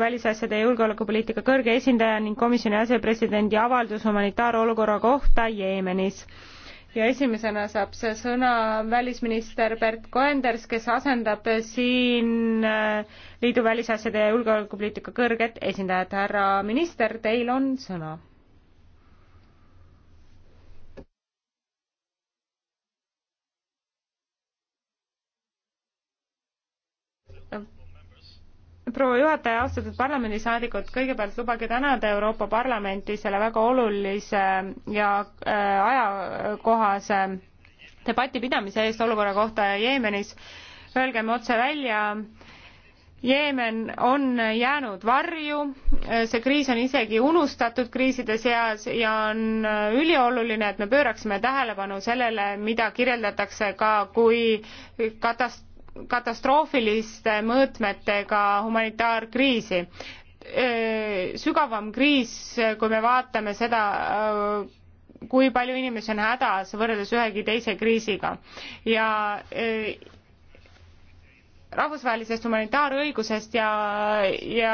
välisasjade ja julgeolekupoliitika kõrge esindaja ning komisjoni asepresidendi avaldus humanitaarolukorra kohta Jeemenis. ja esimesena saab see sõna välisminister Bert Koenders, kes asendab siin äh, liidu välisasjade ja julgeolekupoliitika kõrget esindajat. härra minister, teil on sõna. Thank you proua juhataja, austatud parlamendisaadikud, kõigepealt lubage tänada Euroopa Parlamenti selle väga olulise ja äh, ajakohase debati pidamise eest olukorra kohta Jeemenis. Öelgem otse välja, Jeemen on jäänud varju, see kriis on isegi unustatud kriiside seas ja on ülioluline, et me pööraksime tähelepanu sellele, mida kirjeldatakse ka kui katast-, katastroofiliste mõõtmetega humanitaarkriisi. sügavam kriis, kui me vaatame seda, kui palju inimesi on hädas võrreldes ühegi teise kriisiga ja rahvusvahelisest humanitaarõigusest ja, ja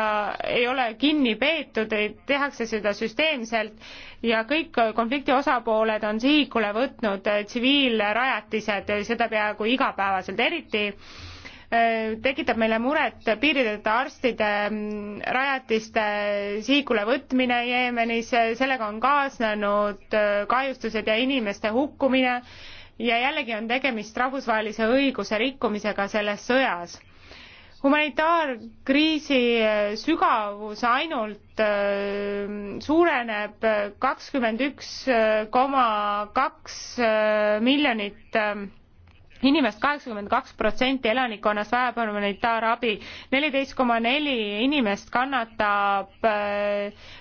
ei ole kinni peetud, tehakse seda süsteemselt ja kõik konflikti osapooled on sihikule võtnud eh, tsiviilrajatised, eh, seda peaaegu igapäevaselt, eriti eh, tekitab meile muret piirideta arstide mm, rajatiste sihikule võtmine Jeemenis, sellega on kaasnenud kahjustused ja inimeste hukkumine ja jällegi on tegemist rahvusvahelise õiguse rikkumisega selles sõjas. humanitaarkriisi äh, sügavus ainult äh, suureneb kakskümmend üks äh, koma kaks miljonit inimest kaheksakümmend kaks protsenti elanikkonnast vajab humanitaarabi, neliteist koma neli inimest kannatab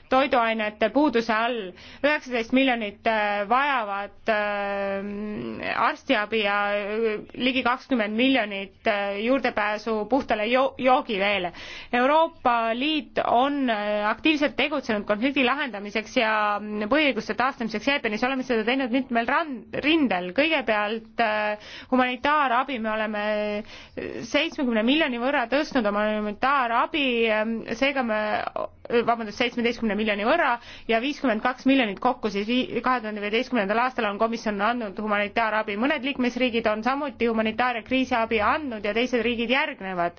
toiduainete puuduse all. üheksateist miljonit äh, vajavad äh, arstiabi ja äh, ligi kakskümmend miljonit juurdepääsu puhtale joogiveele. Euroopa Liit on aktiivselt tegutsenud konflikti lahendamiseks ja mm, põhiõiguste taastamiseks Jaapanis, oleme seda teinud mitmel rand-, rindel, kõigepealt humanitaarabi me oleme seitsmekümne miljoni võrra tõstnud oma humanitaarabi, ähm, seega me, vabandust, seitsmeteistkümne miljoni võrra ja viiskümmend kaks miljonit kokku siis kahe tuhande viieteistkümnendal aastal on komisjon andnud humanitaarabi. mõned liikmesriigid on samuti humanitaar- ja kriisiabi andnud ja teised riigid järgnevad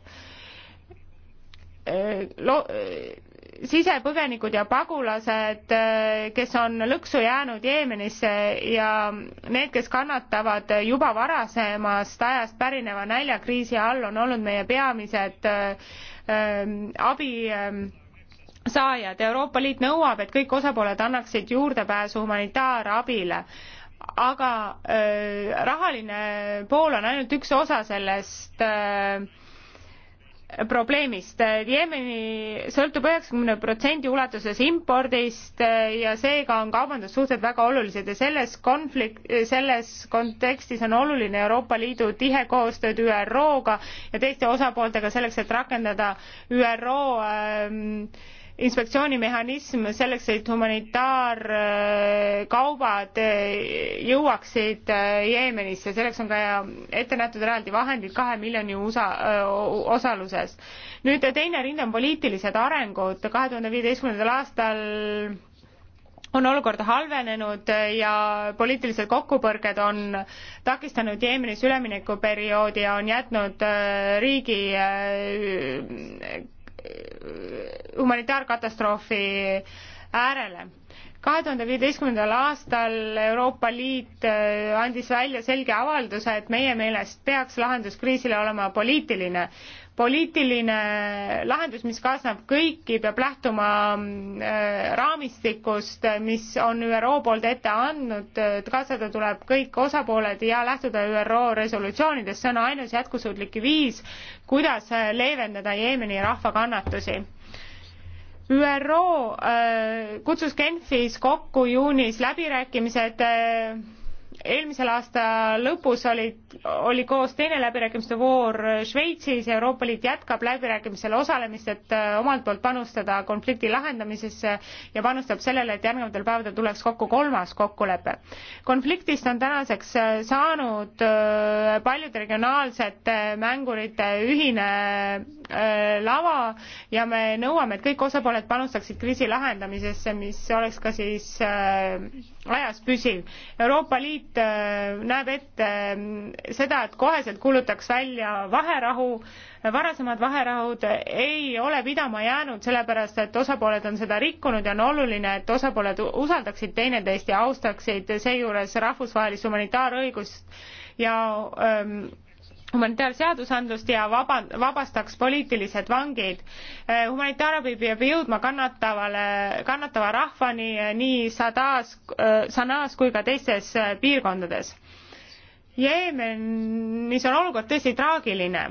äh, lo- äh, sisepõgenikud ja pagulased, äh, kes on lõksu jäänud Jeemenisse ja need, kes kannatavad juba varasemast ajast pärineva näljakriisi all, on olnud meie peamised abi ähm, saajad. Euroopa Liit nõuab, et kõik osapooled annaksid juurdepääsu humanitaarabile, aga äh, rahaline pool on ainult üks osa sellest äh, probleemist. Jeemeni sõltub üheksakümne protsendi ulatuses impordist äh, ja seega on kaubandussuhted väga olulised ja selles konflikt, selles kontekstis on oluline Euroopa Liidu tihe koostööd ÜRO-ga ja teiste osapooltega selleks, et rakendada ÜRO ähm, inspektsioonimehhanism selleks, et humanitaarkaubad eh, jõuaksid eh, Jeemenisse, selleks on ka ette nähtud eraldi vahendid kahe miljoni USA eh, osaluses. nüüd teine rind on poliitilised arengud, kahe tuhande viieteistkümnendal aastal on olukord halvenenud ja poliitilised kokkupõrged on takistanud Jeemenis üleminekuperioodi ja on jätnud riigi humanitaarkatastroofi äärele kahe tuhande viieteistkümnendal aastal Euroopa Liit äh, andis välja selge avalduse, et meie meelest peaks lahendus kriisile olema poliitiline. poliitiline lahendus, mis kaasneb kõiki, peab lähtuma äh, raamistikust, mis on ÜRO poolt ette andnud, kaasada tuleb kõik osapooled ja lähtuda ÜRO resolutsioonidest, see on ainus jätkusuutlik viis, kuidas leevendada Jeemeni rahva kannatusi ÜRO äh, kutsus Genfis kokku juunis läbirääkimised äh, eelmisel aasta lõpus olid, oli koos teine läbirääkimiste voor Šveitsis, Euroopa Liit jätkab läbirääkimisel osalemist, et äh, omalt poolt panustada konflikti lahendamisesse ja panustab sellele, et järgnevatel päevadel tuleks kokku kolmas kokkulepe. konfliktist on tänaseks äh, saanud äh, paljude regionaalsete mängurite ühine lava ja me nõuame, et kõik osapooled panustaksid kriisi lahendamisesse, mis oleks ka siis ajas püsiv. Euroopa Liit liit äh, näeb ette äh, seda, et koheselt kuulutaks välja vaherahu, varasemad vaherahud ei ole pidama jäänud, sellepärast et osapooled on seda rikkunud ja on oluline, et osapooled usaldaksid teineteist ja austaksid seejuures rahvusvahelist humanitaarõigust ja öö, ähm, humanitaarseadusandlust ja vaba, vabastaks poliitilised vangid. Eh, humanitaarabi peab jõudma kannatavale, kannatava rahvani eh, nii Sadas, eh, Sanas kui ka teistes piirkondades. Jeemenis on olukord tõesti traagiline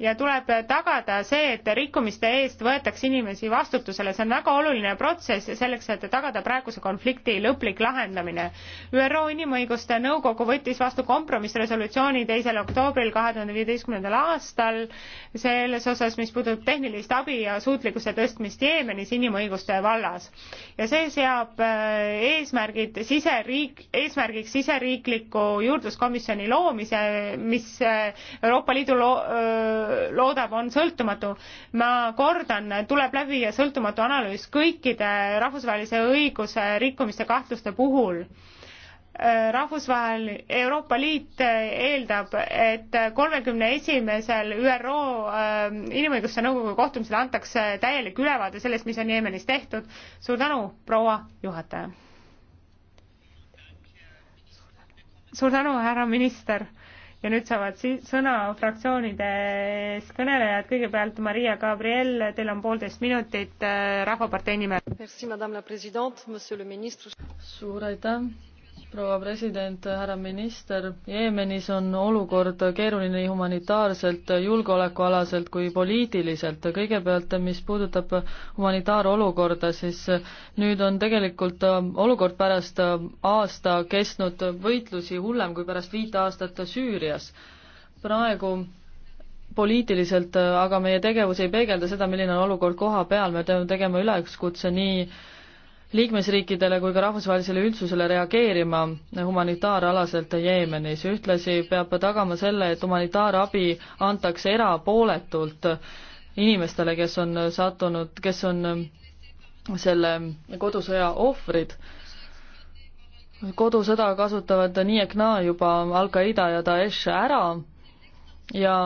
ja tuleb tagada see, et rikkumiste eest võetakse inimesi vastutusele, see on väga oluline protsess selleks, et tagada praeguse konflikti lõplik lahendamine. ÜRO Inimõiguste Nõukogu võttis vastu kompromissresolutsiooni teisel oktoobril kahe tuhande viieteistkümnendal aastal selles osas, mis puudutab tehnilist abi ja suutlikkuse tõstmist Jeemenis inimõiguste vallas. ja see seab äh, eesmärgid siseriik, eesmärgiks siseriikliku juurdluskomisjoni loomise, mis äh, Euroopa Liidu lo-, äh, loodab, on sõltumatu. ma kordan, tuleb läbi sõltumatu analüüs kõikide rahvusvahelise õiguse rikkumiste kahtluste puhul rahvusvahel Euroopa Liit eeldab, et kolmekümne esimesel ÜRO äh, Inimõiguste Nõukogu kohtumisel antakse täielik ülevaade sellest, mis on Jeemenis tehtud. suur tänu, proua juhataja. suur tänu, härra minister ja nüüd saavad si sõna fraktsioonides kõnelejad, kõigepealt Maria Gabriel, teil on poolteist minutit äh, Rahvapartei nimel. suur aitäh proua president, härra minister, Jeemenis on olukord keeruline nii humanitaarselt, julgeolekualaselt kui poliitiliselt. kõigepealt, mis puudutab humanitaarolukorda, siis nüüd on tegelikult olukord pärast aasta kestnud võitlusi hullem kui pärast viite aastat Süürias. praegu poliitiliselt aga meie tegevus ei peegelda seda, milline on olukord koha peal, me peame tegema üleskutse nii liikmesriikidele kui ka rahvusvahelisele üldsusele reageerima humanitaaralaselt Jeemenis. ühtlasi peab tagama selle, et humanitaarabi antakse erapooletult inimestele, kes on sattunud, kes on selle kodusõja ohvrid. kodusõda kasutavad nii ehk naa juba Al-Qaeda ja Daesh ära ja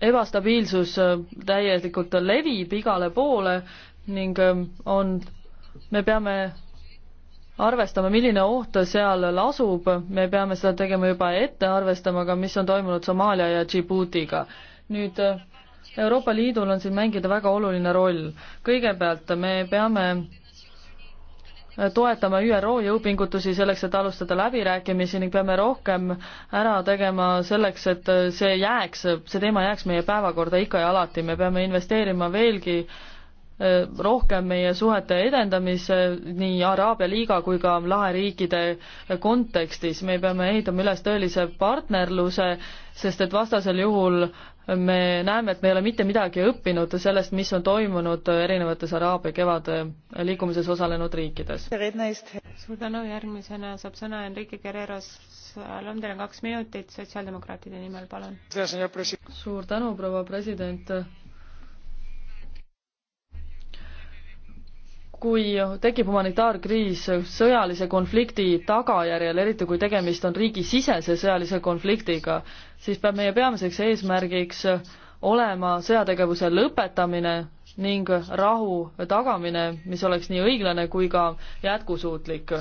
ebastabiilsus äh, täielikult levib igale poole ning ähm, on, me peame arvestama, milline oht seal lasub, me peame seda tegema juba ette, arvestama ka, mis on toimunud Somaalia ja Djiboutiga. nüüd äh, Euroopa Liidul on siin mängida väga oluline roll. kõigepealt me peame toetama ÜRO jõupingutusi selleks, et alustada läbirääkimisi ning peame rohkem ära tegema selleks, et see jääks, see teema jääks meie päevakorda ikka ja alati, me peame investeerima veelgi eh, rohkem meie suhete edendamisse nii Araabia liiga kui ka laheriikide kontekstis. me peame ehitama üles tõelise partnerluse, sest et vastasel juhul me näeme, et me ei ole mitte midagi õppinud sellest, mis on toimunud erinevates Araabia kevade liikumises osalenud riikides. suur tänu, järgmisena saab sõna Enrique Guerrero Salom, teil on kaks minutit sotsiaaldemokraatide nimel, palun. suur tänu, proua president kui tekib humanitaarkriis sõjalise konflikti tagajärjel, eriti kui tegemist on riigisisese sõjalise konfliktiga, siis peab meie peamiseks eesmärgiks olema sõjategevuse lõpetamine ning rahu tagamine, mis oleks nii õiglane kui ka jätkusuutlik.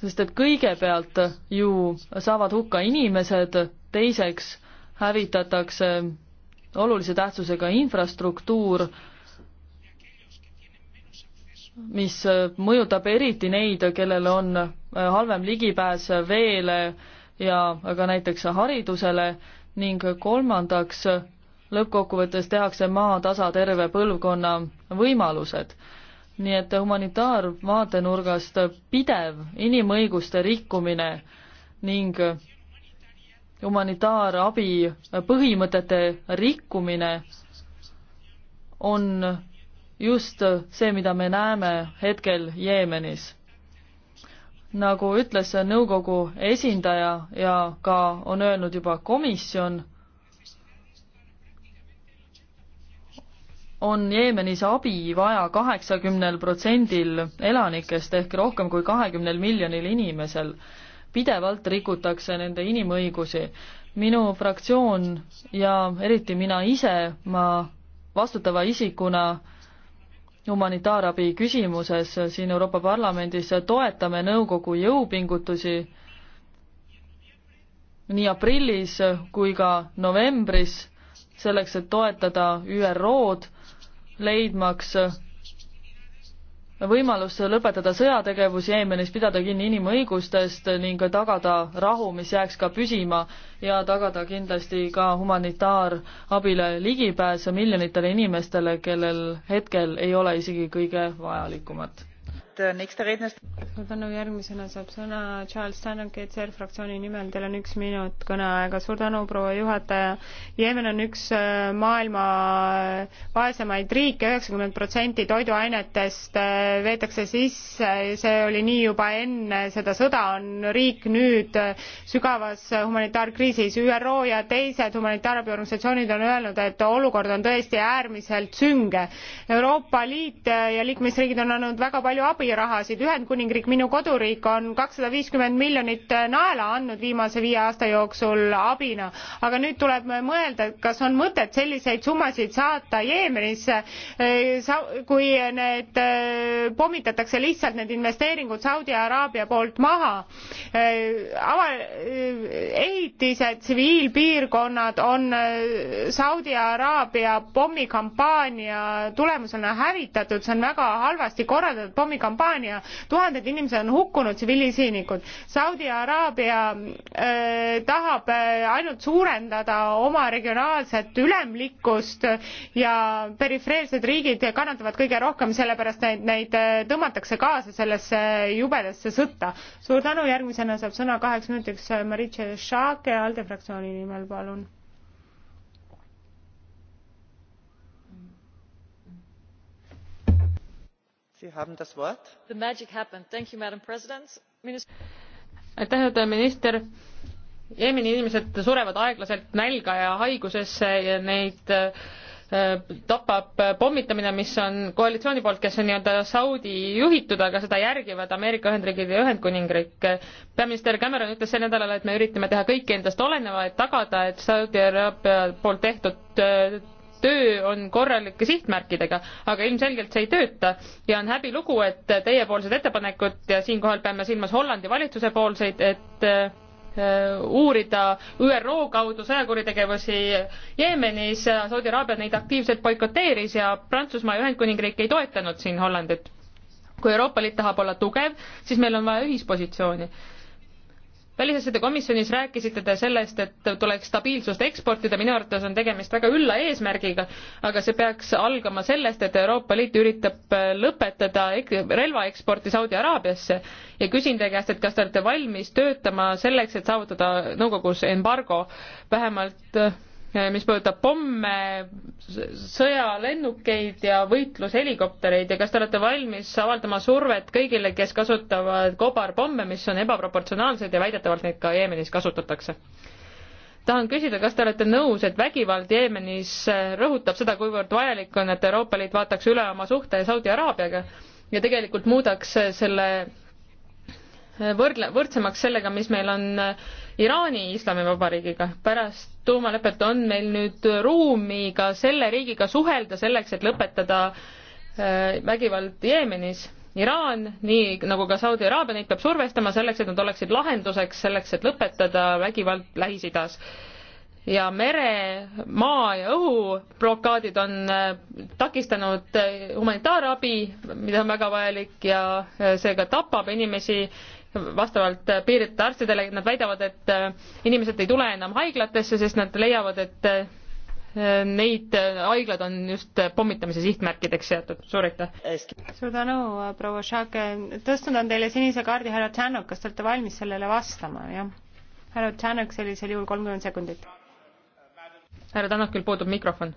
sest et kõigepealt ju saavad hukka inimesed, teiseks hävitatakse olulise tähtsusega infrastruktuur, mis äh, mõjutab eriti neid, kellel on äh, halvem ligipääs veele ja ka näiteks haridusele ning kolmandaks, lõppkokkuvõttes tehakse maatasa terve põlvkonna võimalused. nii et humanitaarvaatenurgast pidev inimõiguste rikkumine ning humanitaarabi põhimõtete rikkumine on just see, mida me näeme hetkel Jeemenis. nagu ütles nõukogu esindaja ja ka on öelnud juba komisjon, on Jeemenis abi vaja kaheksakümnel protsendil elanikest ehk rohkem kui kahekümnel miljonil inimesel. pidevalt rikutakse nende inimõigusi. minu fraktsioon ja eriti mina ise, ma vastutava isikuna humanitaarabi küsimuses siin Euroopa Parlamendis toetame nõukogu jõupingutusi nii aprillis kui ka novembris selleks, et toetada ÜRO-d, leidmaks võimalus lõpetada sõjategevus Jeemenis, pidada kinni inimõigustest ning tagada rahu, mis jääks ka püsima ja tagada kindlasti ka humanitaarabile ligipääs miljonitele inimestele, kellel hetkel ei ole isegi kõige vajalikumat Äh, suur tänu, järgmisena saab sõna Charles Tannock ECR fraktsiooni nimel, teil on üks minut kõneaega, suur tänu, proua juhataja. Jeemen on üks äh, maailma äh, vaesemaid riike, üheksakümmend protsenti toiduainetest veetakse sisse, see oli nii juba enne seda sõda, on riik nüüd sügavas humanitaarkriisis, ÜRO ja teised humanitaarabiorganisatsioonid on öelnud, et olukord on tõesti äärmiselt sünge. Euroopa Liit ja liikmesriigid on andnud väga palju abi, abirahasid ühendkuningriik minu koduriik on kakssada viiskümmend miljonit äh, naela andnud viimase viie aasta jooksul abina aga nüüd tuleb mõelda kas on mõtet selliseid summasid saata jeemenisse äh, kui need äh, pommitatakse lihtsalt need investeeringud saudi araabia poolt maha ava- ehitised tsiviilpiirkonnad on saudi araabia pommikampaania tulemusena hävitatud see on väga halvasti korraldatud pommikampaania kampaania. tuhanded inimesed on hukkunud, tsiviilisiinikud. Saudi Araabia äh, tahab äh, ainult suurendada oma regionaalset ülemlikkust ja perifeersed riigid kannatavad kõige rohkem, sellepärast neid, neid äh, tõmmatakse kaasa sellesse äh, jubedasse sõtta. suur tänu, järgmisena saab sõna kaheks minutiks äh, Maritša Šake ALDE fraktsiooni nimel, palun madam president aitäh juhataja minister! jeemeni inimesed surevad aeglaselt nälga ja haigusesse ja neid äh, tapab äh, pommitamine mis on koalitsiooni poolt kes on nii-öelda saudi juhitud aga seda järgivad ameerika ühendriigid ja ühendkuningriik peaminister cameron ütles sel nädalal et me üritame teha kõik endast oleneva et tagada et saudi araabia poolt tehtud äh, töö on korralike sihtmärkidega, aga ilmselgelt see ei tööta ja on häbilugu, et teiepoolsed ettepanekud ja siinkohal peame silmas Hollandi valitsuse poolseid, et äh, uurida ÜRO kaudu sõjakuritegevusi Jeemenis, Saudi Araabia neid aktiivselt boikoteeris ja Prantsusmaa ja Ühendkuningriik ei toetanud siin Hollandit. kui Euroopa Liit tahab olla tugev, siis meil on vaja ühispositsiooni välisasjade komisjonis rääkisite te sellest, et tuleks stabiilsust eksportida, minu arvates on tegemist väga ülla eesmärgiga, aga see peaks algama sellest, et Euroopa Liit üritab äh, lõpetada relvaeksporti Saudi Araabiasse ja küsin teie käest, et kas te olete valmis töötama selleks, et saavutada nõukogus embargo vähemalt äh, mis puudutab pomme, sõjalennukeid ja võitlushelikoptereid ja kas te olete valmis avaldama survet kõigile, kes kasutavad kobarpomme, mis on ebaproportsionaalsed ja väidetavalt neid ka Jeemenis kasutatakse? tahan küsida, kas te olete nõus, et vägivald Jeemenis rõhutab seda, kuivõrd vajalik on, et Euroopa Liit vaataks üle oma suhte Saudi Araabiaga ja tegelikult muudaks selle võrdle, võrdsemaks sellega, mis meil on äh, Iraani islamivabariigiga. pärast tuumalepet on meil nüüd ruumi ka selle riigiga suhelda selleks, et lõpetada äh, vägivald Jeemenis. Iraan, nii nagu ka Saudi Araabia, neid peab survestama selleks, et nad oleksid lahenduseks, selleks, et lõpetada vägivald Lähis-Idas. ja mere, maa ja õhu blokaadid on äh, takistanud humanitaarabi, mida on väga vajalik ja see ka tapab inimesi vastavalt piirideta arstidele, nad väidavad, et äh, inimesed ei tule enam haiglatesse, sest nad leiavad, et äh, neid äh, haiglad on just pommitamise sihtmärkideks seatud. suur aitäh! suur tänu, proua Šake. tõstnud on teile sinise kaardi härra Tšanok, kas te olete valmis sellele vastama, jah? härra Tšanok, sellisel juhul kolmkümmend sekundit härra Tanakil puudub mikrofon.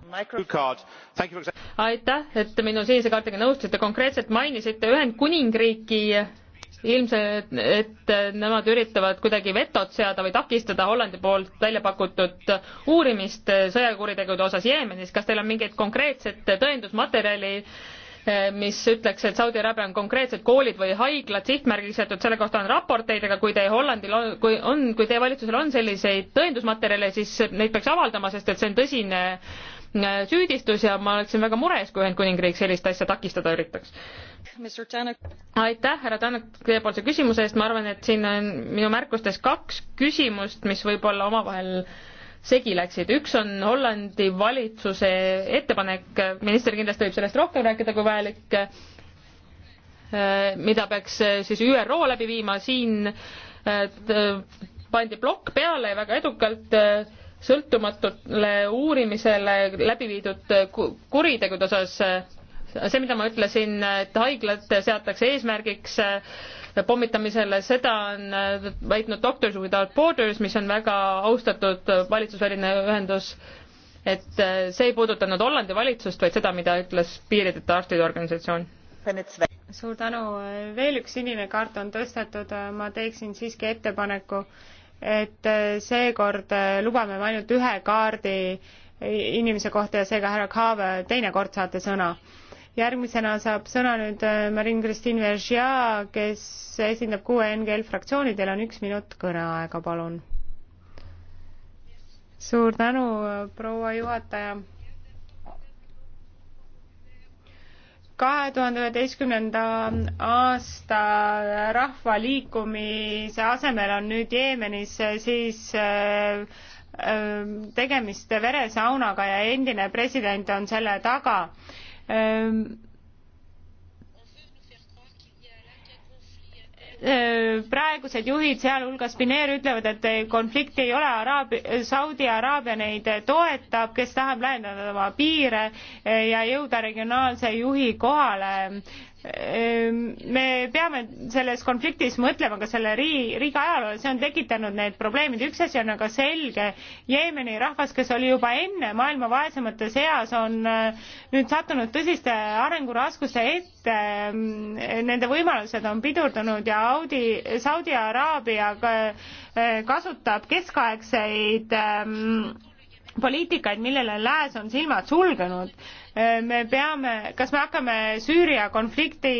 aitäh, et minu sinise kaardiga nõustusite, konkreetselt mainisite Ühendkuningriiki ilmselt, et nemad üritavad kuidagi vetot seada või takistada Hollandi poolt välja pakutud uurimist sõjakuritegude osas Jeemenis. kas teil on mingit konkreetset tõendusmaterjali, eh, mis ütleks, et Saudi Araabia on konkreetsed koolid või haiglad sihtmärgiks jäetud, selle kohta on raporteid, aga kui teie Hollandil on, kui on, kui teie valitsusel on selliseid tõendusmaterjale, siis neid peaks avaldama, sest et see on tõsine Äh, süüdistus ja ma oleksin väga mures, kui Ühendkuningriik sellist asja takistada üritaks. aitäh, härra Tänak, teiepoolse küsimuse eest, ma arvan, et siin on minu märkustes kaks küsimust, mis võib-olla omavahel segi läksid. üks on Hollandi valitsuse ettepanek, minister kindlasti võib sellest rohkem rääkida, kui vajalik, äh, mida peaks äh, siis ÜRO läbi viima, siin pandi plokk peale ja väga edukalt sõltumatule uurimisele läbi viidud kuritegude osas, see, mida ma ütlesin, et haiglad seatakse eesmärgiks pommitamisele, seda on väitnud Doctors Without Borders, mis on väga austatud valitsusväline ühendus, et see ei puudutanud Hollandi valitsust, vaid seda, mida ütles Piirideta Arstide Organisatsioon suur tänu, veel üks sinine kaart on tõstetud, ma teeksin siiski ettepaneku, et äh, seekord äh, lubame me ainult ühe kaardi inimese kohta ja seega härra Kaave, teinekord saate sõna. järgmisena saab sõna nüüd äh, Marin-Christine Vergia, kes esindab kuue NGL fraktsiooni, teil on üks minut kõneaega, palun. suur tänu, proua juhataja kahe tuhande üheteistkümnenda aasta rahvaliikumise asemel on nüüd Jeemenis siis äh, äh, tegemist veresaunaga ja endine president on selle taga ähm, Äh, praegused juhid, sealhulgas Bineer, ütlevad, et äh, konflikti ei ole, Araabia, Saudi Araabia neid äh, toetab, kes tahab laiendada oma piire ja jõuda regionaalse juhi kohale Ehm, me peame selles konfliktis mõtlema ka selle riigi, riigi ajaloole, see on tekitanud need probleemid, üks asi on aga selge, Jeemeni rahvas, kes oli juba enne maailma vaesemate seas, on äh, nüüd sattunud tõsiste arenguraskuste ette, ehm, nende võimalused on pidurdunud ja Audi, Saudi Araabia äh, kasutab keskaegseid ähm, poliitikaid, millele lääs on silmad sulgenud. me peame, kas me hakkame Süüria konflikti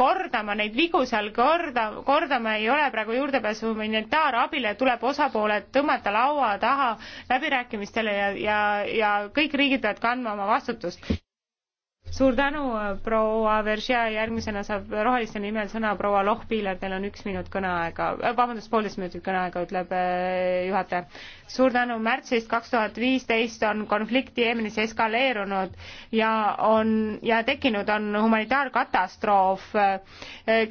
kordama, neid vigu seal korda, kordama ei ole praegu juurdepääsu humanitaarabile, tuleb osapooled tõmmata laua taha läbirääkimistele ja, ja, ja kõik riigid peavad kandma oma vastutust suur tänu, äh, proua Veržia, järgmisena saab roheliste nimel sõna proua Lohpiiler, teil on üks minut kõneaega, äh, vabandust, poolteist minutit kõneaega, ütleb äh, juhataja. suur tänu, märtsist kaks tuhat viisteist on konflikt Jeemenis eskaleerunud ja on, ja tekkinud on humanitaarkatastroof.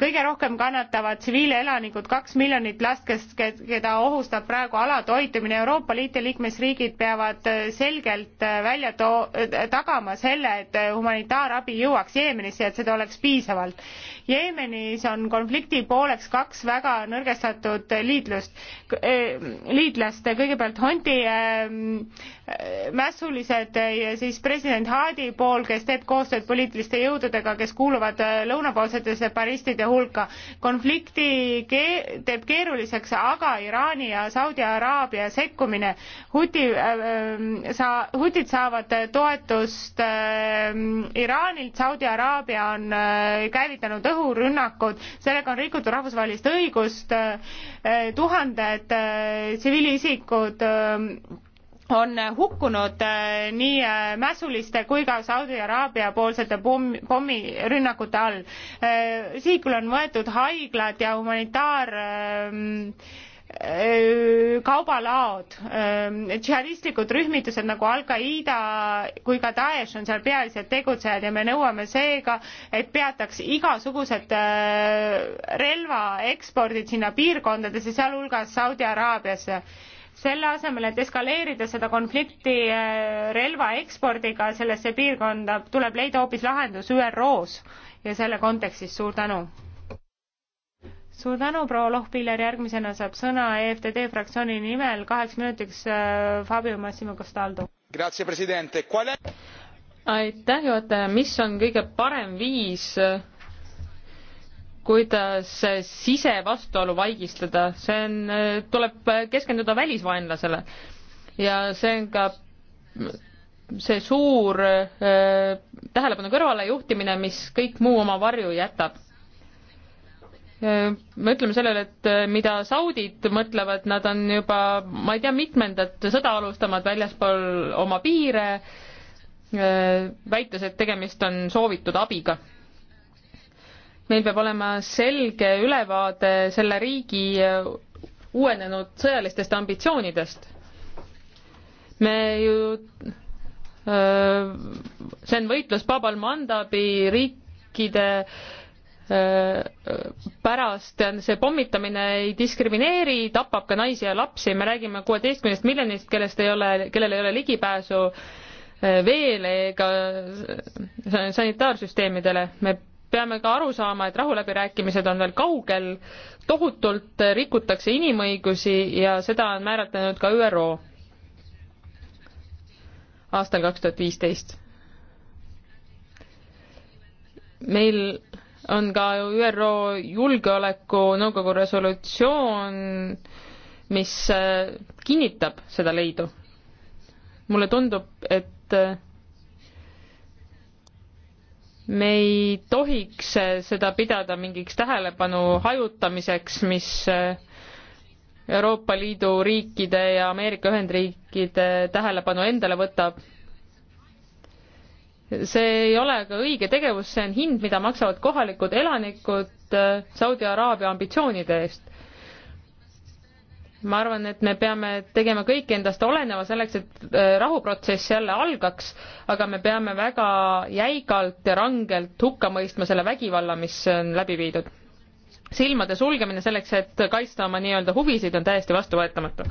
kõige rohkem kannatavad tsiviilelanikud, kaks miljonit last, kes, keda ohustab praegu alatoitumine, Euroopa Liit ja liikmesriigid peavad selgelt välja too-, tagama selle, et humanitaar- humanitaarabi jõuaks Jeemenisse ja et seda oleks piisavalt. Jeemenis on konflikti pooleks kaks väga nõrgestatud liitlust, eh, liitlast, kõigepealt Hondi ehm, eh, mässulised ja siis president Hadi pool, kes teeb koostööd poliitiliste jõududega, kes kuuluvad eh, lõunapoolsete separatistide hulka. konflikti ke-, teeb keeruliseks aga Iraani ja Saudi Araabia sekkumine. Huti äh, sa-, hutid saavad toetust äh, Iraanilt, Saudi Araabia on äh, käivitanud õhurünnakud, sellega on rikutud rahvusvahelist õigust, äh, tuhanded äh, tsiviilisikud on hukkunud nii mässuliste kui ka Saudi Araabia poolsete pommi, pommirünnakute all. sihikule on võetud haiglad ja humanitaar Äh, kaubalaod, ähm, džihadistlikud rühmitused nagu Al-Qaeda kui ka Daesh on seal pealised tegutsejad ja me nõuame seega, et peataks igasugused äh, relvaekspordid sinna piirkondadesse, sealhulgas Saudi Araabiasse. selle asemel, et eskaleerida seda konflikti äh, relvaekspordiga sellesse piirkonda, tuleb leida hoopis lahendus ÜRO-s ja selle kontekstis suur tänu suur tänu, proua Lohpiller, järgmisena saab sõna EFTD fraktsiooni nimel kaheks minutiks äh, Fabio Massimo Castaldo. aitäh, juhataja, mis on kõige parem viis kuidas sisevastuolu vaigistada, see on, äh, tuleb keskenduda välisvaenlasele. ja see on ka see suur äh, tähelepanu kõrvalejuhtimine, mis kõik muu oma varju jätab Äh, mõtleme sellele, et äh, mida saudid mõtlevad, nad on juba, ma ei tea, mitmendat sõda alustamas väljaspool oma piire, äh, väites, et tegemist on soovitud abiga. meil peab olema selge ülevaade selle riigi uuenenud sõjalistest ambitsioonidest. me ju, see on võitlus Babal Mandabi riikide äh, pärast see pommitamine ei diskrimineeri, tapab ka naisi ja lapsi, me räägime kuueteistkümnest miljonist, kellest ei ole, kellel ei ole ligipääsu eh, veele ega eh, sanitaarsüsteemidele. me peame ka aru saama, et rahuläbirääkimised on veel kaugel, tohutult rikutakse inimõigusi ja seda on määratlenud ka ÜRO aastal kaks tuhat viisteist. meil on ka ÜRO Julgeolekunõukogu resolutsioon, mis äh, kinnitab seda leidu. mulle tundub, et äh, me ei tohiks äh, seda pidada mingiks tähelepanu hajutamiseks, mis Euroopa Liidu riikide ja Ameerika Ühendriikide tähelepanu endale võtab see ei ole ka õige tegevus, see on hind, mida maksavad kohalikud elanikud äh, Saudi Araabia ambitsioonide eest. ma arvan, et me peame tegema kõik endast oleneva selleks, et äh, rahuprotsess jälle algaks, aga me peame väga jäigalt ja rangelt hukka mõistma selle vägivalla, mis on läbi viidud silmade sulgemine selleks, et kaitsta oma nii-öelda huvisid, on täiesti vastuvõetamatu.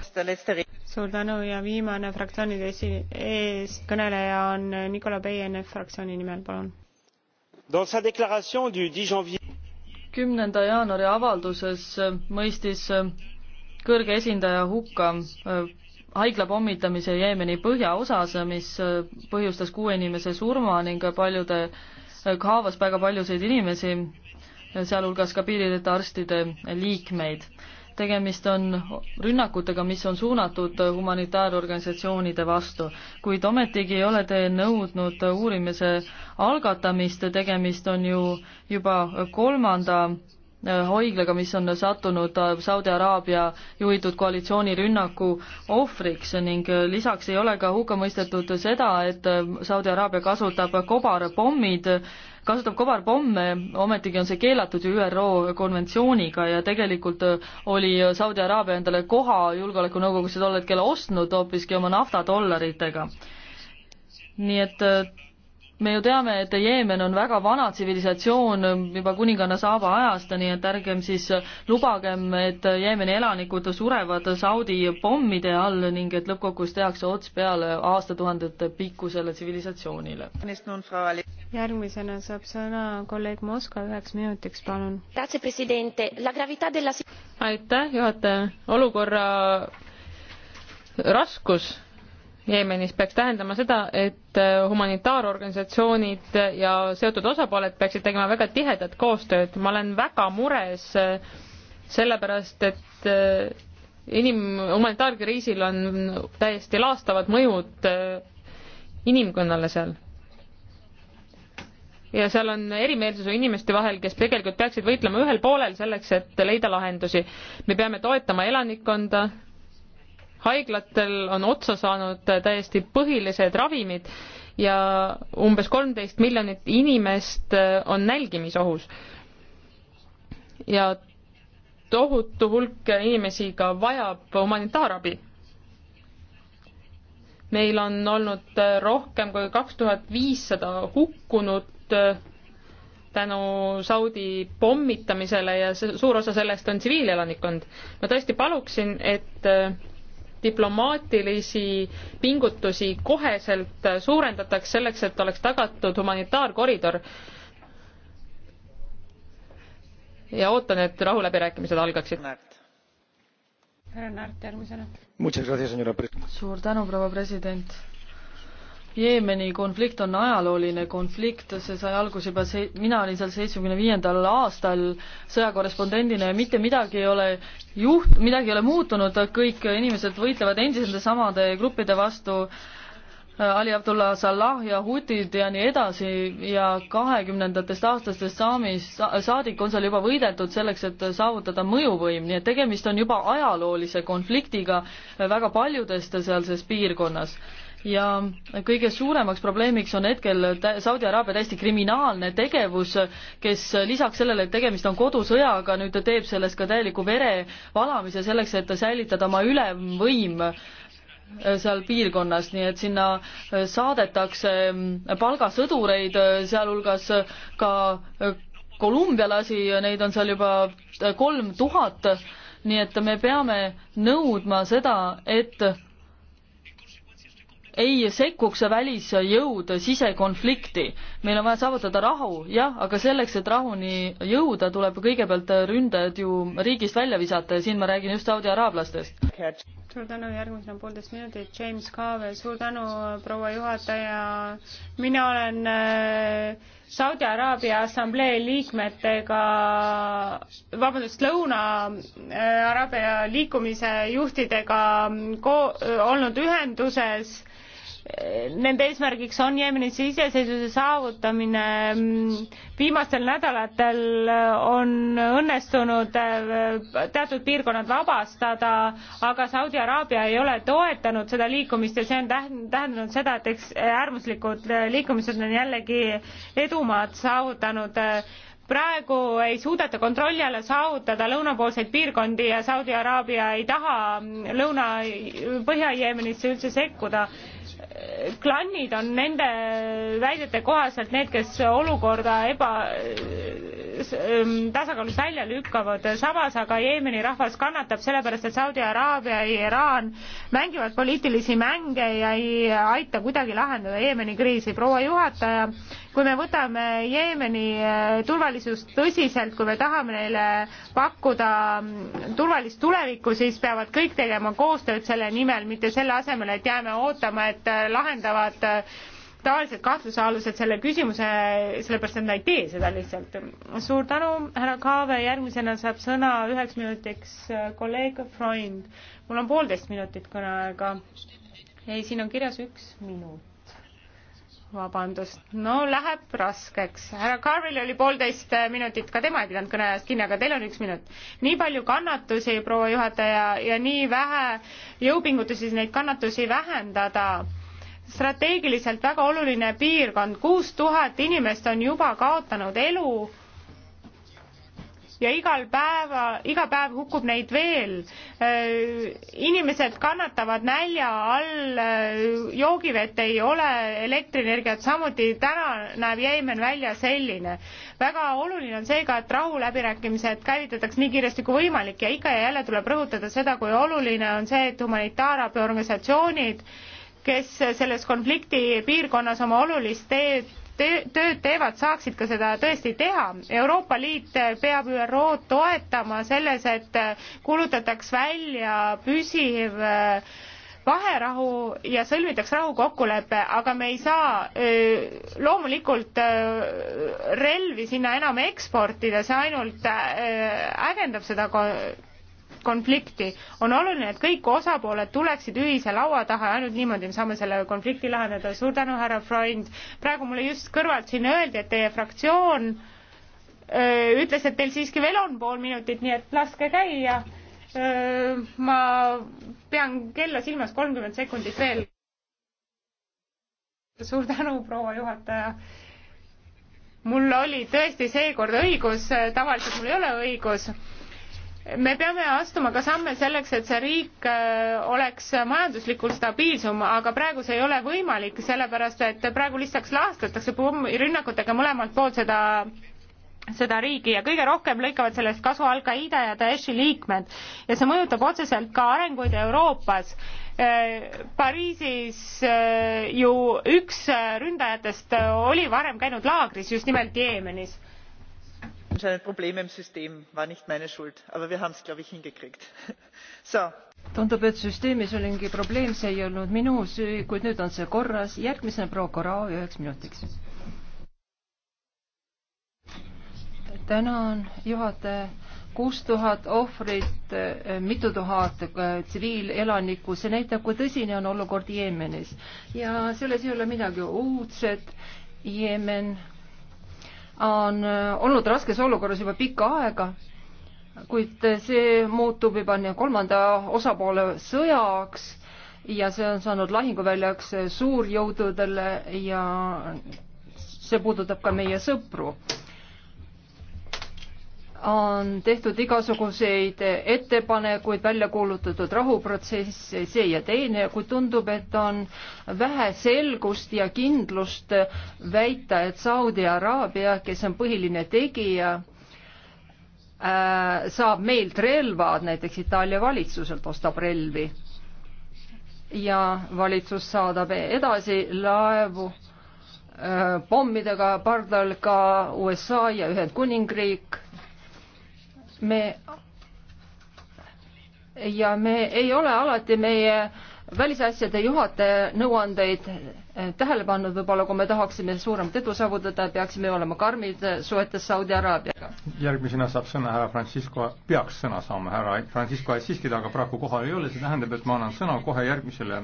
suur tänu ja viimane fraktsioonide esi-, eeskõneleja on Nikolai Beienev fraktsiooni nimel, palun. kümnenda jaanuari avalduses mõistis kõrge esindaja hukka äh, haigla pommitamise Jeemeni põhjaosas, mis äh, põhjustas kuue inimese surma ning paljude, äh, haavas väga paljusid inimesi sealhulgas ka piirileta arstide liikmeid. tegemist on rünnakutega, mis on suunatud humanitaarorganisatsioonide vastu, kuid ometigi ei ole te nõudnud uurimise algatamist, tegemist on ju juba kolmanda äh, haiglaga, mis on sattunud äh, Saudi Araabia juhitud koalitsiooni rünnaku ohvriks ning äh, lisaks ei ole ka hukka mõistetud seda, et Saudi Araabia kasutab kobarpommid kasutab kobarpomme, ometigi on see keelatud ju ÜRO konventsiooniga ja tegelikult äh, oli Saudi Araabia endale koha julgeolekunõukogusse tol hetkel ostnud hoopiski oma naftadollaritega. nii et äh, me ju teame, et Jeemen on väga vana tsivilisatsioon juba kuninganna Saaba ajast, nii et ärgem siis lubagem, et Jeemeni elanikud surevad Saudi pommide all ning et lõppkokkuvõttes tehakse ots peale aastatuhandete pikkusele tsivilisatsioonile. järgmisena saab sõna kolleeg Moskva üheks minutiks, palun. aitäh, juhataja. olukorra raskus Jeemenis peaks tähendama seda, et äh, humanitaarorganisatsioonid ja seotud osapooled peaksid tegema väga tihedat koostööd. ma olen väga mures äh, sellepärast, et äh, inim-, humanitaarkriisil on täiesti laastavad mõjud inimkonnale seal. ja seal on erimeelsuse inimeste vahel, kes tegelikult peaksid võitlema ühel poolel selleks, et leida lahendusi. me peame toetama elanikkonda haiglatel on otsa saanud täiesti põhilised ravimid ja umbes kolmteist miljonit inimest on nälgimisohus. ja tohutu hulk inimesi ka vajab humanitaarabi. meil on olnud rohkem kui kaks tuhat viissada hukkunut tänu Saudi pommitamisele ja suur osa sellest on tsiviilelanikkond. ma tõesti paluksin, et diplomaatilisi pingutusi koheselt suurendataks selleks, et oleks tagatud humanitaarkoridor. ja ootan, et rahuläbirääkimised algaksid. härra Närt järgmisena. suur tänu, proua president Jeemeni konflikt on ajalooline konflikt, see sai alguse juba see, mina olin seal seitsmekümne viiendal aastal sõjakorrespondendina ja mitte midagi ei ole juht-, midagi ei ole muutunud, kõik inimesed võitlevad endiselt samade gruppide vastu, Ali Abdullah Salah ja hutid ja nii edasi ja kahekümnendatest aastatest saamis, saadik on seal juba võideldud selleks, et saavutada mõjuvõim, nii et tegemist on juba ajaloolise konfliktiga väga paljudest sealses piirkonnas ja kõige suuremaks probleemiks on hetkel Saudi Araabia täiesti kriminaalne tegevus, kes lisaks sellele, et tegemist on kodusõjaga, nüüd teeb sellest ka täieliku verevalamise selleks, et säilitada oma ülemvõim äh, seal piirkonnas, nii et sinna äh, saadetakse mm, palgasõdureid, äh, sealhulgas ka kolumbialasi, neid on seal juba kolm tuhat, nii et me peame nõudma seda, et ei sekkuks välisjõud sisekonflikti. meil on vaja saavutada rahu, jah, aga selleks, et rahuni jõuda, tuleb kõigepealt ründajad ju riigist välja visata ja siin ma räägin just Saudi araablastest. suur tänu, järgmisena poolteist minutit, James Kaave, suur tänu, proua juhataja. mina olen äh, Saudi Araabia Assamblee liikmetega, vabandust, Lõuna-Araabia liikumise juhtidega ko-, olnud ühenduses nende eesmärgiks on Jeemenis iseseisvuse saavutamine. viimastel nädalatel on õnnestunud äh, teatud piirkonnad vabastada, aga Saudi Araabia ei ole toetanud seda liikumist ja see on tähendanud seda, et eks äärmuslikud liikumised on jällegi edumaad saavutanud praegu ei suudeta kontrolli alla saavutada lõunapoolseid piirkondi ja Saudi Araabia ei taha lõuna, Põhja-Jeemenisse üldse sekkuda klannid on nende väidete kohaselt need, kes olukorda eba ähm, tasakaalust välja lükkavad, samas aga Jeemeni rahvas kannatab sellepärast, et Saudi Araabia ja Iraan mängivad poliitilisi mänge ja ei aita kuidagi lahendada Jeemeni kriisi. proua juhataja, kui me võtame Jeemeni eh, turvalisust tõsiselt, kui me tahame neile pakkuda mm, turvalist tulevikku, siis peavad kõik tegema koostööd selle nimel, mitte selle asemel, et jääme ootama, et eh, lahendavad eh, tavalised kahtlusealused selle küsimuse, sellepärast et nad ei tee seda lihtsalt. suur tänu, härra Kaave, järgmisena saab sõna üheks minutiks kolleeg Freund. mul on poolteist minutit kõneaega. ei, siin on kirjas üks minut vabandust, no läheb raskeks. härra Carvil oli poolteist äh, minutit, ka tema ei pidanud kõneajast kinni, aga teil on üks minut. nii palju kannatusi, proua juhataja, ja nii vähe jõupingutusi neid kannatusi vähendada, strateegiliselt väga oluline piirkond, kuus tuhat inimest on juba kaotanud elu ja igal päeva, iga päev hukkub neid veel. Äh, inimesed kannatavad nälja all, äh, joogivett ei ole, elektrienergiat samuti, täna näeb Jeemen välja selline. väga oluline on seega, et rahuläbirääkimised käivitataks nii kiiresti kui võimalik ja ikka ja jälle tuleb rõhutada seda, kui oluline on see, et humanitaarabiorganisatsioonid kes selles konflikti piirkonnas oma olulist teed te tööd teevad, saaksid ka seda tõesti teha. Euroopa Liit peab ÜRO-d toetama selles, et kuulutataks välja püsiv äh, vaherahu ja sõlmitaks rahukokkulepe, aga me ei saa äh, loomulikult äh, relvi sinna enam eksportida, see ainult ägendab seda konflikti. on oluline, et kõik osapooled tuleksid ühise laua taha ja ainult niimoodi me saame selle konflikti lahendada. suur tänu, härra Freund. praegu mulle just kõrvalt siin öeldi, et teie fraktsioon öö, ütles, et teil siiski veel on pool minutit, nii et laske käia. ma pean kella silmas kolmkümmend sekundit veel. suur tänu, proua juhataja mul oli tõesti seekord õigus, tavaliselt mul ei ole õigus, me peame astuma ka samme selleks, et see riik äh, oleks majanduslikult stabiilsem, aga praegu see ei ole võimalik, sellepärast et praegu lihtsalt laastatakse pommirünnakutega mõlemalt poolt seda seda riigi ja kõige rohkem lõikavad sellest kasu Al-Qaeda ja Daeshi liikmed ja see mõjutab otseselt ka arenguid Euroopas. Äh, Pariisis äh, ju üks ründajatest oli varem käinud laagris just nimelt Jeemenis anscheinend Probleme im System, war nicht meine Schuld, aber wir haben es, glaube ich, hingekriegt. So. tundub, et süsteemis oli mingi probleem, see ei olnud minu süü, kuid nüüd on see korras. järgmisena proua Korao üheks minutiks. tänan, juhataja kuus tuhat ohvrit, mitu tuhat äh, tsiviilelanikku, see näitab, kui tõsine on olukord Jeemenis ja selles ei ole midagi uudset. Jeemen on äh, olnud raskes olukorras juba pikka aega, kuid see muutub juba kolmanda osapoole sõjaks ja see on saanud lahinguväljaks suurjõududele ja see puudutab ka meie sõpru on tehtud igasuguseid ettepanekuid, välja kuulutatud rahuprotsess, see ja teine, kuid tundub, et on vähe selgust ja kindlust väita, et Saudi Araabia, kes on põhiline tegija, äh, saab meilt relvad, näiteks Itaalia valitsuselt ostab relvi ja valitsus saadab edasi laevu äh, pommidega pardal ka USA ja Ühendkuningriik me ja me ei ole alati meie välisasjade juhataja nõuandeid eh, tähele pannud, võib-olla kui me tahaksime suuremat edu saavutada, peaksime olema karmid eh, suhetes Saudi Araabiaga. järgmisena saab sõna härra Francisco, peaks sõna saama härra Francisco Assiski, aga praegu kohal ei ole, see tähendab, et ma annan sõna kohe järgmisele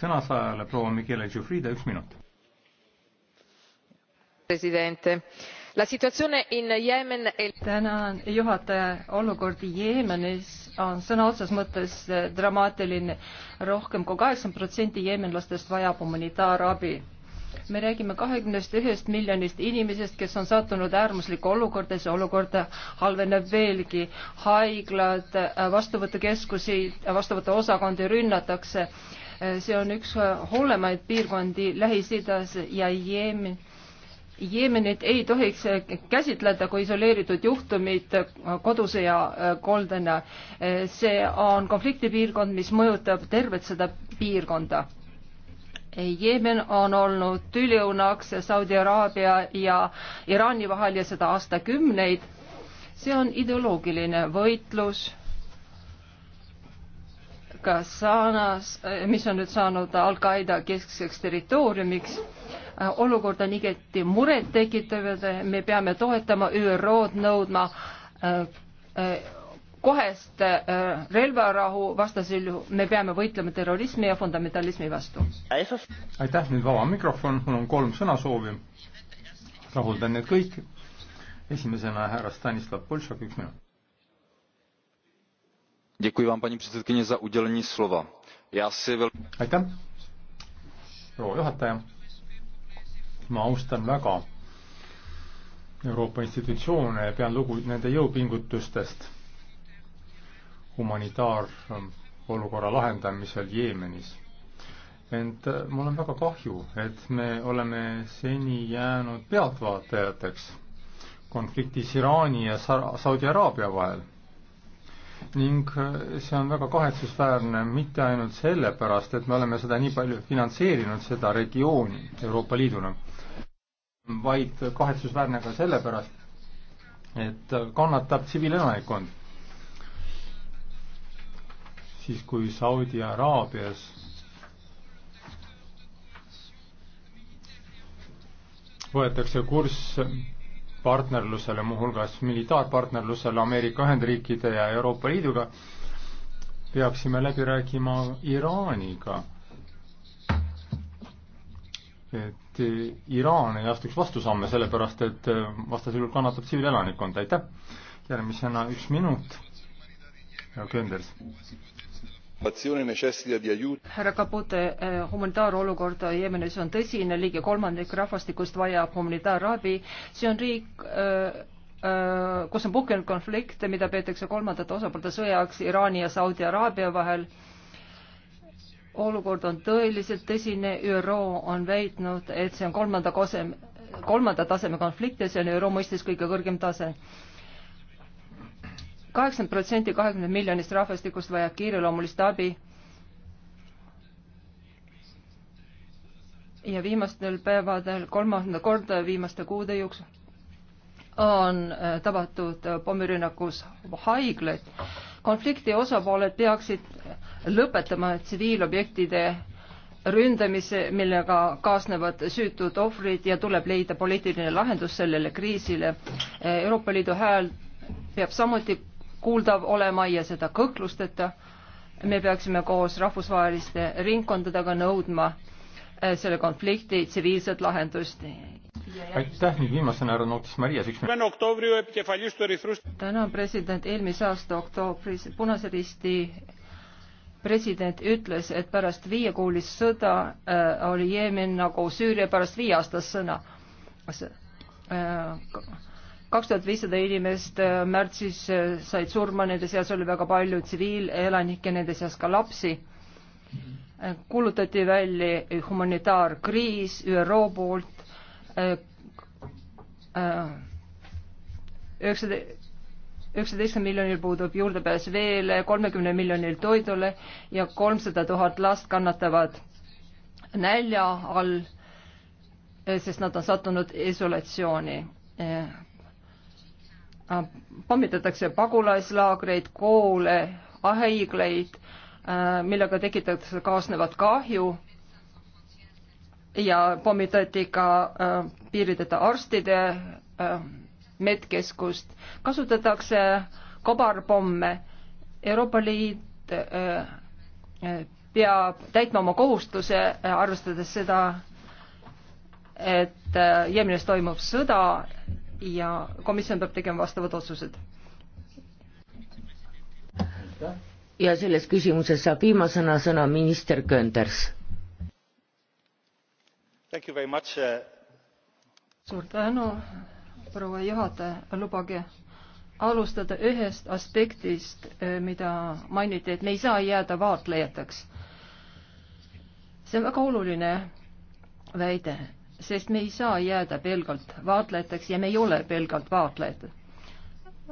sõnasaajale, proua Michele Giuffrida, üks minut. president E tänan juhataja olukord jeemenis on sõna otseses mõttes eh, dramaatiline rohkem kui kaheksakümmend protsenti jeemenlastest vajab humanitaarabi me räägime kahekümnest ühest miljonist inimesest kes on sattunud äärmuslikku olukorda see olukord halveneb veelgi haiglad eh, vastuvõtukeskusi eh, vastuvõtuosakondi rünnatakse see on üks hullemaid piirkondi lähis-idas ja jeemen Jeemenit ei tohiks käsitleda kui isoleeritud juhtumit kodusõja äh, koldena. see on konfliktipiirkond, mis mõjutab tervet seda piirkonda. Jeemen on olnud tüliõunaks Saudi Araabia ja Iraani vahel ja seda aastakümneid. see on ideoloogiline võitlus Kassanas, äh, mis on nüüd saanud Al-Qaeda keskseks territooriumiks olukord on igati murettekitav ja me peame toetama ÜRO-d nõudma äh, äh, kohest äh, relvarahu, vastasel juhul me peame võitlema terrorismi ja fundamentalismi vastu. aitäh, nüüd vaba mikrofon, mul on kolm sõnasoovi. rahuldan need kõik. esimesena härra Stanislav Boltšak, üks minut. Děkuji vám, paní předsedkyně, za udělení slova. Já si vel... Aitäh, proua juhataja ma austan väga Euroopa institutsioone ja pean lugu nende jõupingutustest humanitaarolukorra lahendamisel Jeemenis. ent äh, mul on väga kahju, et me oleme seni jäänud pealtvaatajateks konfliktis Iraani ja Saudi Araabia vahel. ning äh, see on väga kahetsusväärne mitte ainult sellepärast, et me oleme seda nii palju finantseerinud, seda regiooni Euroopa Liiduna vaid kahetsusväärne ka sellepärast, et kannatab tsiviilelanikkond. siis, kui Saudi Araabias võetakse kurss partnerlusele, muuhulgas militaarpartnerlusele Ameerika Ühendriikide ja Euroopa Liiduga, peaksime läbi rääkima Iraaniga. et et Iraan ei astuks vastusamme, sellepärast et äh, vastasel juhul kannatab tsiviilelanikkond, aitäh! järgmisena üks minut, Jaak Enders. härra Kapute, äh, humanitaarolukord Jeemenis on tõsine, ligi kolmandik rahvastikust vajab humanitaarabi, see on riik äh, äh kus on puhkenud konflikte, mida peetakse kolmandate osapoolte sõjaks Iraani ja Saudi Araabia vahel äh, olukord on tõeliselt tõsine, ÜRO on väitnud, et see on kolmanda kasem, kolmanda taseme konflikt ja see on ÜRO mõistes kõige kõrgem tase. kaheksakümmend protsenti kahekümne miljonist rahvastikust vajab kiireloomulist abi. ja viimastel päevadel, kolmanda korda viimaste kuude jooksul on äh, tabatud äh, pommirünnakus haiglaid. konflikti osapooled peaksid lõpetama tsiviilobjektide ründamise, millega kaasnevad süütud ohvrid ja tuleb leida poliitiline lahendus sellele kriisile. Euroopa Liidu hääl peab samuti kuuldav olema ja seda kõhklusteta. me peaksime koos rahvusvaheliste ringkondadega nõudma äh, selle konflikti tsiviilset lahendust. aitäh, nüüd viimasena härra Nootis Marias, üks minut. täna president eelmise aasta oktoobris Punase Risti president ütles, et pärast viiekuulist sõda äh, oli Jeemen nagu Süüria pärast viieaastast sõna äh, kaks tuhat viissada inimest äh, märtsis äh, said surma, nende seas oli väga palju tsiviilelanikke, nende seas ka lapsi. Äh, kuulutati välja humanitaarkriis ÜRO poolt. üheksasada üheksateistkümnel miljonil puudub juurdepääs veele, kolmekümne miljonil toidule ja kolmsada tuhat last kannatavad nälja all, sest nad on sattunud isolatsiooni. pommitatakse pagulaslaagreid, koole, haiglaid, millega tekitatakse kaasnevat kahju ja pommitati ka piirideta arstide medkeskust, kasutatakse kobarpomme. Euroopa Liit äh, äh, peab täitma oma kohustuse, äh, arvestades seda, et Jeemenis toimub sõda ja komisjon peab tegema vastavad otsused. ja selles küsimuses saab viimasena sõna minister Könders. suur tänu proua juhataja, lubage alustada ühest aspektist, eh, mida mainiti, et me ei saa jääda vaatlejateks. see on väga oluline väide, sest me ei saa jääda pelgalt vaatlejateks ja me ei ole pelgalt vaatlejad.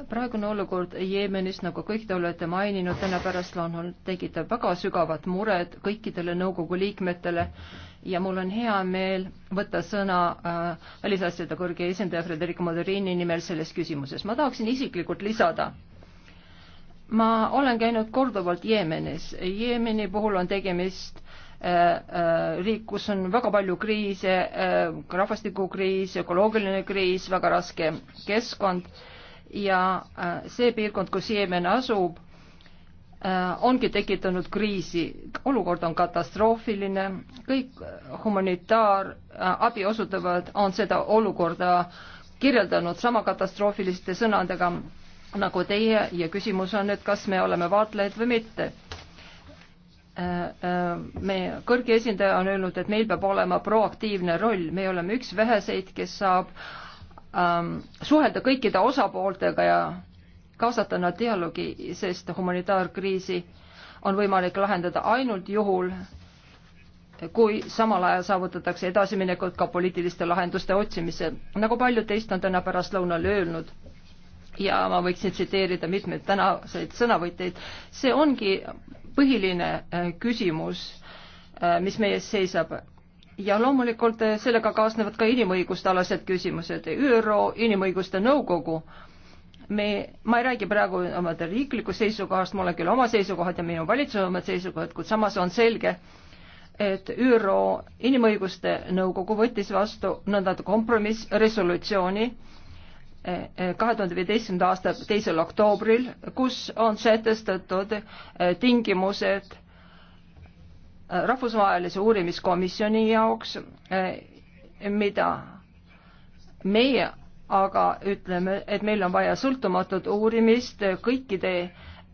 praegune olukord Jeemenis, nagu kõik te olete maininud täna pärastlõunal, tekitab väga sügavat muret kõikidele nõukogu liikmetele ja mul on hea meel võtta sõna äh, välisasjade kõrge esindaja Frederica Moderini nimel selles küsimuses. ma tahaksin isiklikult lisada, ma olen käinud korduvalt Jeemenis. Jeemeni puhul on tegemist äh, äh, riik, kus on väga palju kriise, äh, rahvastikukriis, ökoloogiline kriis, väga raske keskkond ja see piirkond, kus Jeemen asub, Äh, ongi tekitanud kriisi, olukord on katastroofiline, kõik äh, humanitaarabi äh, osutavad on seda olukorda kirjeldanud sama katastroofiliste sõnadega nagu teie ja küsimus on, et kas me oleme vaatlejad või mitte. meie kõrge esindaja on öelnud, et meil peab olema proaktiivne roll, me oleme üks väheseid, kes saab ähm, suhelda kõikide osapooltega ja kaasata nad dialoogi, sest humanitaarkriisi on võimalik lahendada ainult juhul, kui samal ajal saavutatakse edasiminekut ka poliitiliste lahenduste otsimisel, nagu paljud teist on täna pärastlõunal öelnud. ja ma võiksin tsiteerida mitmeid tänaseid sõnavõtjaid, see ongi põhiline äh, küsimus, äh, mis meie ees seisab ja loomulikult äh, sellega kaasnevad ka inimõiguste alased küsimused. ÜRO Inimõiguste Nõukogu äh, me, ma ei räägi praegu oma riiklikust seisukohast, mul on küll oma seisukohad ja minu valitsuse omad seisukohad, kuid samas on selge, et ÜRO Inimõiguste Nõukogu võttis vastu nõnda kompromissresolutsiooni eh, eh, kahe tuhande viieteistkümnenda aasta teisel oktoobril, kus on sätestatud eh, tingimused rahvusvahelise uurimiskomisjoni jaoks, mida meie aga ütleme, et meil on vaja sõltumatut uurimist kõikide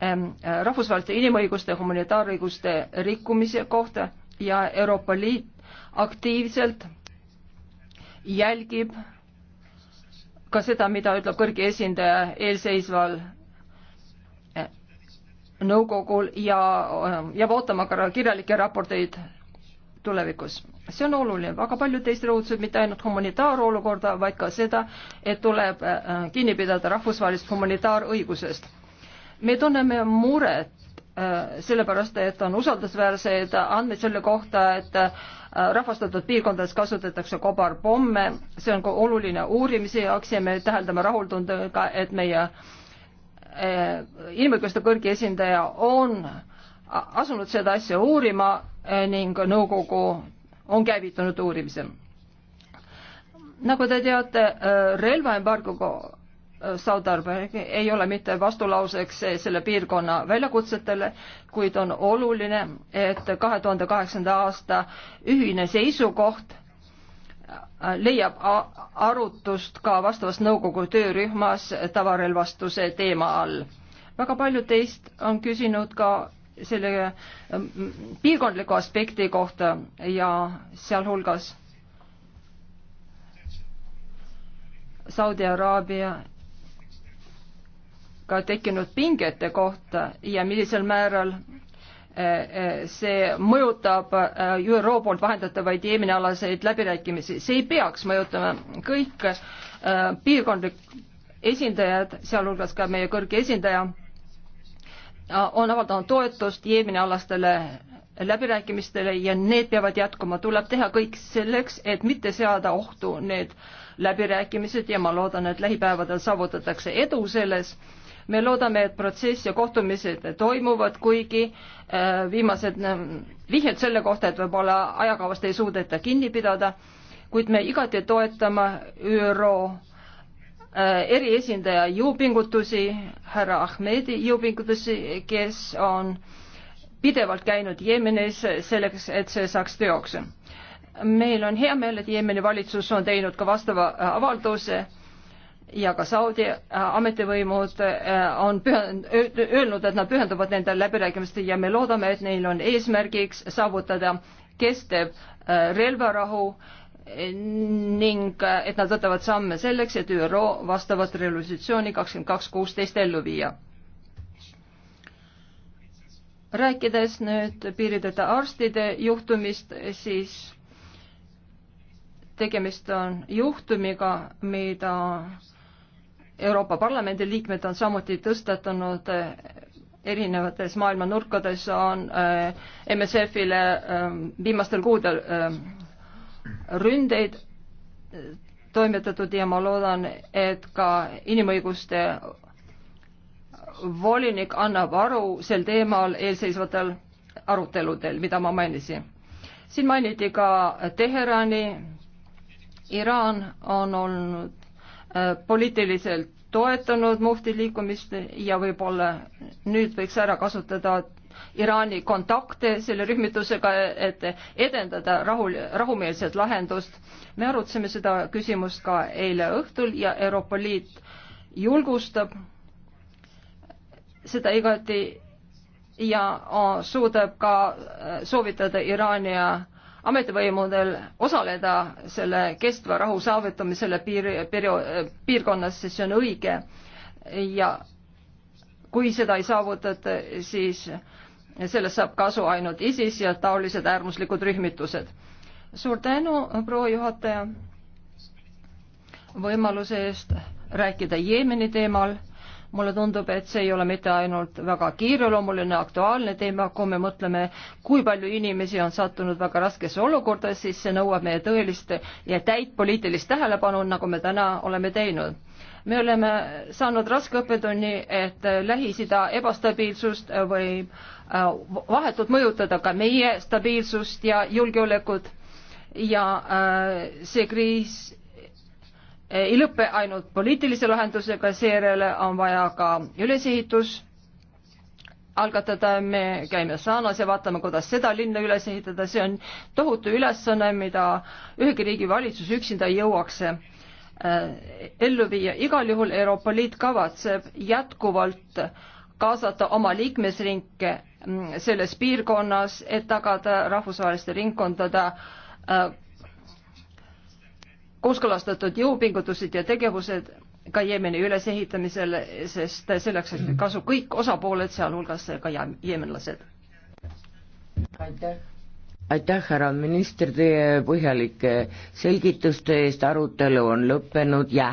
ähm, rahvusvaheliste inimõiguste, humanitaarõiguste rikkumise kohta ja Euroopa Liit aktiivselt jälgib ka seda, mida ütleb kõrge esindaja eelseisval äh, nõukogul ja äh, jääb ootama ka kirjalikke raporteid tulevikus see on oluline, väga paljud teised rõhutasid mitte ainult humanitaarolukorda, vaid ka seda, et tuleb äh, kinni pidada rahvusvahelist humanitaarõigusest. me tunneme muret äh, sellepärast, et on usaldusväärseid andmeid selle kohta, et äh, rahvastatud piirkondades kasutatakse kobarpomme, see on ka oluline uurimise jaoks ja me täheldame rahuldundega, et meie inimõiguste kõrge esindaja on asunud seda asja uurima ning nõukogu on käivitunud uurimise. nagu te teate, äh, relvaembargoga äh, Saudi Araabia ei ole mitte vastulauseks selle piirkonna väljakutsetele, kuid on oluline, et kahe tuhande kaheksanda aasta ühine seisukoht äh, leiab arutust ka vastavas nõukogu töörühmas tavarelvastuse teema all. väga paljud teist on küsinud ka selle ähm, piirkondliku aspekti kohta ja sealhulgas Saudi Araabia ka tekkinud pingete kohta ja millisel määral äh, äh, see mõjutab äh, ÜRO poolt vahendatavaid Jeemeni-alaseid läbirääkimisi. see ei peaks mõjutama kõik piirkondlik esindajad, sealhulgas ka meie kõrge esindaja on avaldanud toetust Jeemeni alastele läbirääkimistele ja need peavad jätkuma. tuleb teha kõik selleks, et mitte seada ohtu need läbirääkimised ja ma loodan, et lähipäevadel saavutatakse edu selles. me loodame, et protsess ja kohtumised toimuvad, kuigi äh, viimased äh, vihjed selle kohta, et võib-olla ajakavast ei suudeta kinni pidada, kuid me igati toetame ÜRO Äh, eriesindaja jõupingutusi, härra Ahmedi jõupingutusi, kes on pidevalt käinud Jeemenis selleks, et see saaks teoks. meil on hea meel, et Jeemeni valitsus on teinud ka vastava äh, avalduse ja ka Saudi äh, ametivõimud on pühend-, öelnud, et nad pühenduvad nendele läbirääkimistele ja me loodame, et neil on eesmärgiks saavutada kestev relvarahu ning et nad võtavad samme selleks, et ÜRO vastavat resolutsiooni kakskümmend kaks kuusteist ellu viia. rääkides nüüd piirideta arstide juhtumist, siis tegemist on juhtumiga, mida Euroopa Parlamendi liikmed on samuti tõstatanud eh, erinevates maailma nurkades on eh, MSF-ile eh, viimastel kuudel ründeid eh, toimetatud ja ma loodan, et ka inimõiguste volinik annab aru sel teemal eelseisvatel aruteludel, mida ma mainisin. siin mainiti ka Teherani, Iraan on olnud eh, poliitiliselt toetanud mufti liikumist ja võib-olla nüüd võiks ära kasutada Iraani kontakte selle rühmitusega, et edendada rahul, rahumeelset lahendust. me arutasime seda küsimust ka eile õhtul ja Euroopa Liit julgustab seda igati ja suudab ka äh, soovitada Iraani ja ametivõimudel osaleda selle kestva rahu saavutamisele piir, perio-, piirkonnas, sest see on õige ja kui seda ei saavutata, siis sellest saab kasu ainult ISIS ja taolised äärmuslikud rühmitused. suur tänu, proua juhataja, võimaluse eest rääkida Jeemeni teemal. mulle tundub, et see ei ole mitte ainult väga kiireloomuline, aktuaalne teema, kui me mõtleme, kui palju inimesi on sattunud väga raskesse olukorda, siis see nõuab meie tõelist ja täit poliitilist tähelepanu, nagu me täna oleme teinud me oleme saanud raske õppetunni, et Lähis-Ida ebastabiilsust võib äh, vahetult mõjutada ka meie stabiilsust ja julgeolekut ja äh, see kriis äh, ei lõpe ainult poliitilise lahendusega, seejärel on vaja ka ülesehitus algatada, me käime Saanas ja vaatame, kuidas seda linna üles ehitada, see on tohutu ülesanne, mida ühegi riigi valitsus üksinda ei jõuaks Äh, ellu viia. igal juhul Euroopa Liit kavatseb jätkuvalt kaasata oma liikmesringe mm, selles piirkonnas, et tagada rahvusvaheliste ringkondade äh, kooskõlastatud jõupingutused ja tegevused ka Jeemeni ülesehitamisel, sest selleks oleks kasu kõik osapooled, sealhulgas ka jeemenlased. aitäh! aitäh, härra minister, teie põhjalike selgituste eest, arutelu on lõppenud ja